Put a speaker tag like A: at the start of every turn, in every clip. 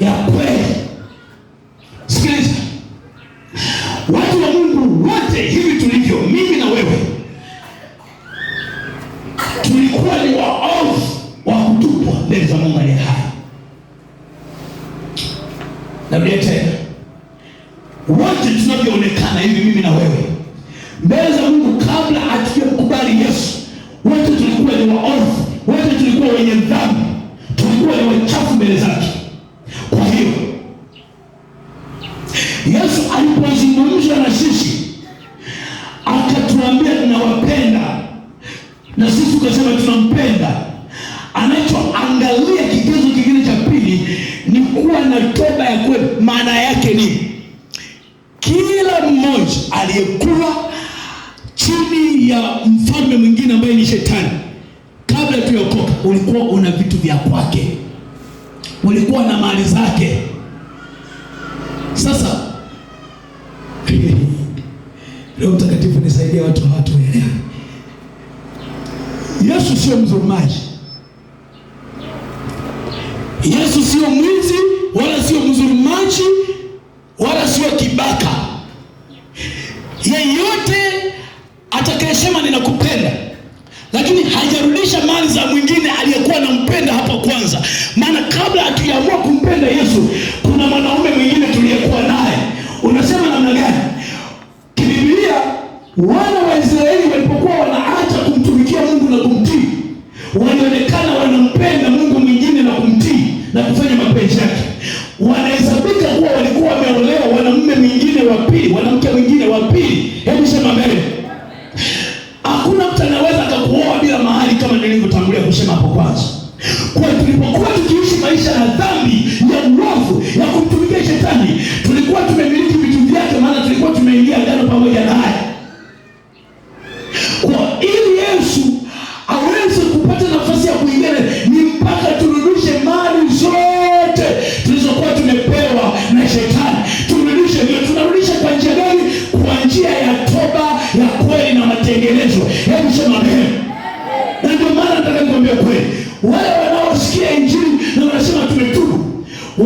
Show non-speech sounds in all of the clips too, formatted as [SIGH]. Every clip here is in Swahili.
A: ya kweli. Sikiliza watu wa Mungu wote, hivi tulivyo mimi na wewe, tulikuwa ni waovu wa kutupwa mbele za Mungu aliye hai. Narudia tena, wote tunavyoonekana hivi, mimi na wewe, mbele za Mungu kabla hatujakubali Yesu, wote tulikuwa ni waovu, wote tulikuwa wenye dhambi, tulikuwa ni wachafu mbele zake. na sisi tukasema tunampenda. Anachoangalia kigezo kingine cha pili ni kuwa na toba ya kweli. Maana yake ni kila mmoja aliyekuwa chini ya mfalme mwingine ambaye ni Shetani, kabla tuyaokoka, ulikuwa una vitu vya kwake, ulikuwa na mali zake. Sasa [LAUGHS] Roho Mtakatifu nisaidia watu watu Yesu sio mdhulumaji, Yesu sio mwizi wala sio mzurumaji wala sio kibaka. Yeyote atakayesema ninakupenda lakini hajarudisha mali za mwingine aliyekuwa anampenda hapo kwanza, maana kabla hatujaamua kumpenda Yesu kuna mwanaume mwingine tuliyekuwa naye. Unasema namna gani? Kibiblia wala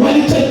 A: wali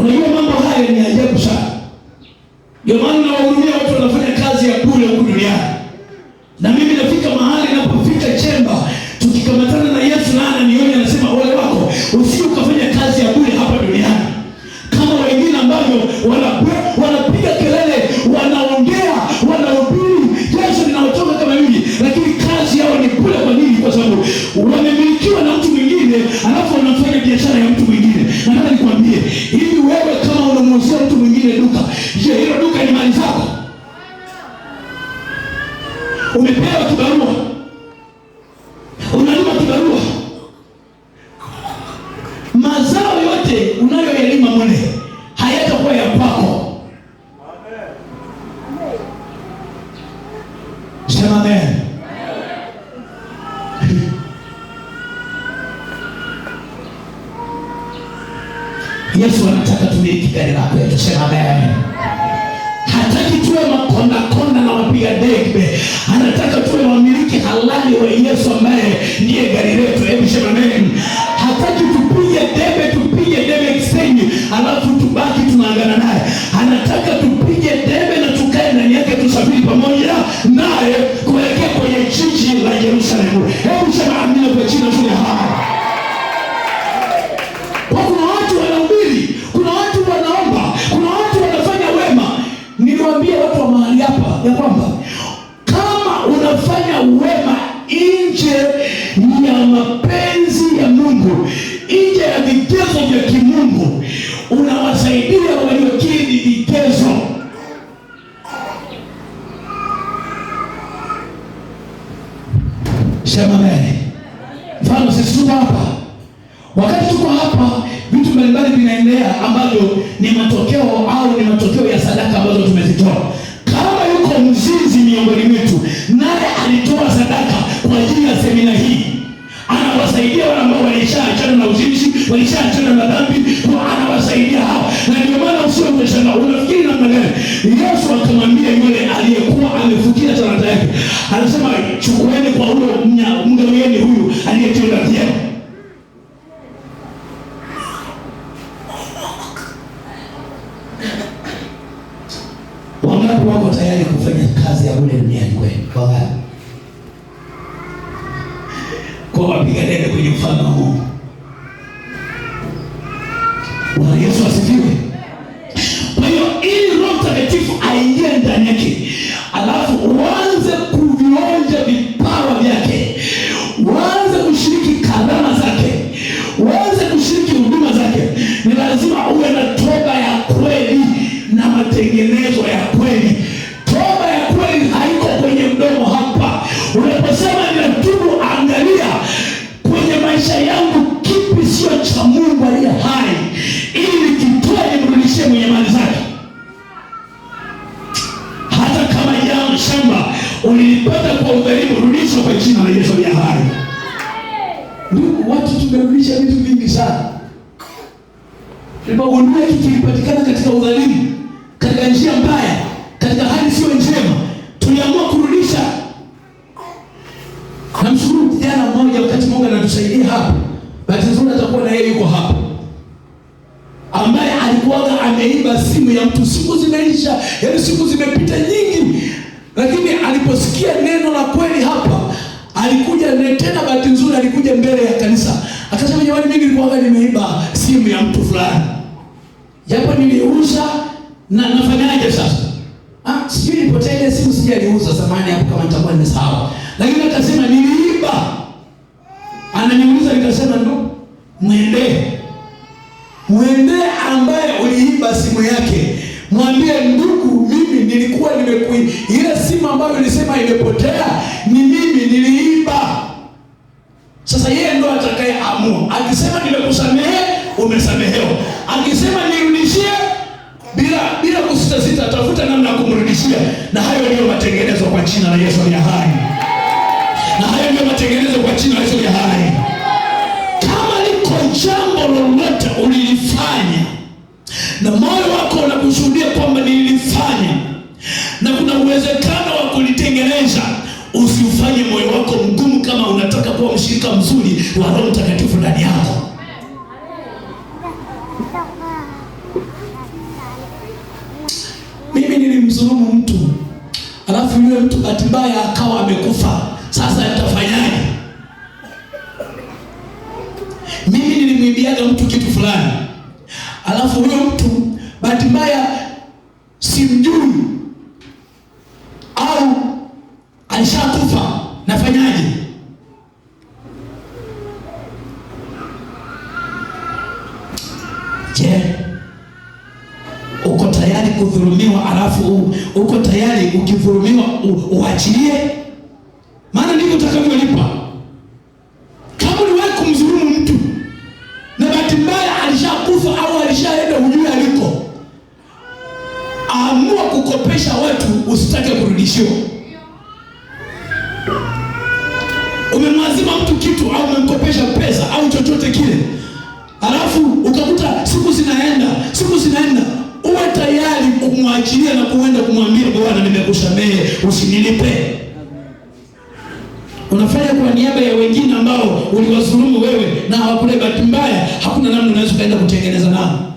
A: ভুলে Yesu anataka tumiliki gari lake. sema amen. Hataki tuwe makonda konda na wapiga debe, anataka tuwe wamiliki halali wa Yesu ambaye ndiye gari letu. Hebu sema amen. Hataki tupige debe, tupige debe Kisenyi alafu ya kwamba kama unafanya wema nje ya mapenzi ya Mungu, nje ya vigezo vya kimungu, unawasaidia waliokidhi vigezo. Sema amen. Mfano sisi tuko hapa, wakati tuko hapa vitu mbalimbali vinaendelea ambavyo ni matokeo au ni matokeo ya sadaka ambazo tumezitoa. kwa ajili ya semina hii, anawasaidia wale ambao walishaachana na uzinzi, walishaachana na dhambi, anawasaidia hao. Na ndio maana usiwe umeshangaa, unafikiri namna gani? Yesu akamwambia yule aliyekuwa amefutia talanta yake, anasema chukueni kwa huyo, mgawieni huyu aliyetenda vyema. Wangapi wako tayari kufanya kazi ya bure duniani kweli? Wangapi? kwa wapigania kwenye ufalme wa Mungu. sana. Tulipogundua hiki kilipatikana katika udhalimu, katika njia mbaya, katika hali sio njema, tuliamua kurudisha. Namshukuru kijana mmoja, wakati Mungu anatusaidia hapa, bahati nzuri atakuwa na yeye yuko hapa, ambaye alikuwaga ameiba simu ya mtu. Siku zimeisha, yaani siku zimepita nyingi, lakini aliposikia neno la kweli hapa alikuja tena. Bahati nzuri alikuja mbele ya kanisa Akasema jamani, mimi nilikuwa nimeiba simu ya mtu fulani, japo niliuza na nafanyaje sasa? Ah, sijui nipotea ile simu, sijaliuza samani hapo, kama nitakuwa nimesahau, lakini akasema niliiba. Ananiuliza, nikasema ndo mwende mwende ambaye uliiba simu yake, mwambie ndugu, mimi nilikuwa nimekui ile simu ambayo ulisema imepotea la Yesu aliye hai, na hayo ndio matengenezo kwa jina la Yesu aliye hai. Kama liko jambo lolote ulilifanya na moyo wako unakushuhudia kwamba nililifanya na kuna uwezekano wa kulitengeneza, usifanye moyo wako mgumu kama unataka kuwa mshirika mzuri wa Roho Mtakatifu ndani yako. Mimi nilimdhulumu mtu alafu yule mtu hatimaye akawa amekufa. Sasa nitafanyaje? Mimi nilimwibiaga mtu kitu fulani, alafu huyo mtu bahati mbaya simjui au alishakufa, nafanyaje? ukidhulumiwa uachilie, maana ndivyo utakavyolipa. Kama uliwahi kumdhulumu mtu na bahati mbaya alishakufa au alishaenda, hujui aliko, aamua kukopesha watu, usitake kurudishiwa. kumwachilia na kuenda kumwambia Bwana, nimekusamehe usinilipe. Unafanya kwa niaba ya wengine ambao uliwadhulumu wewe na hawakule, bahati mbaya, hakuna namna unaweza kaenda kutengeneza nao.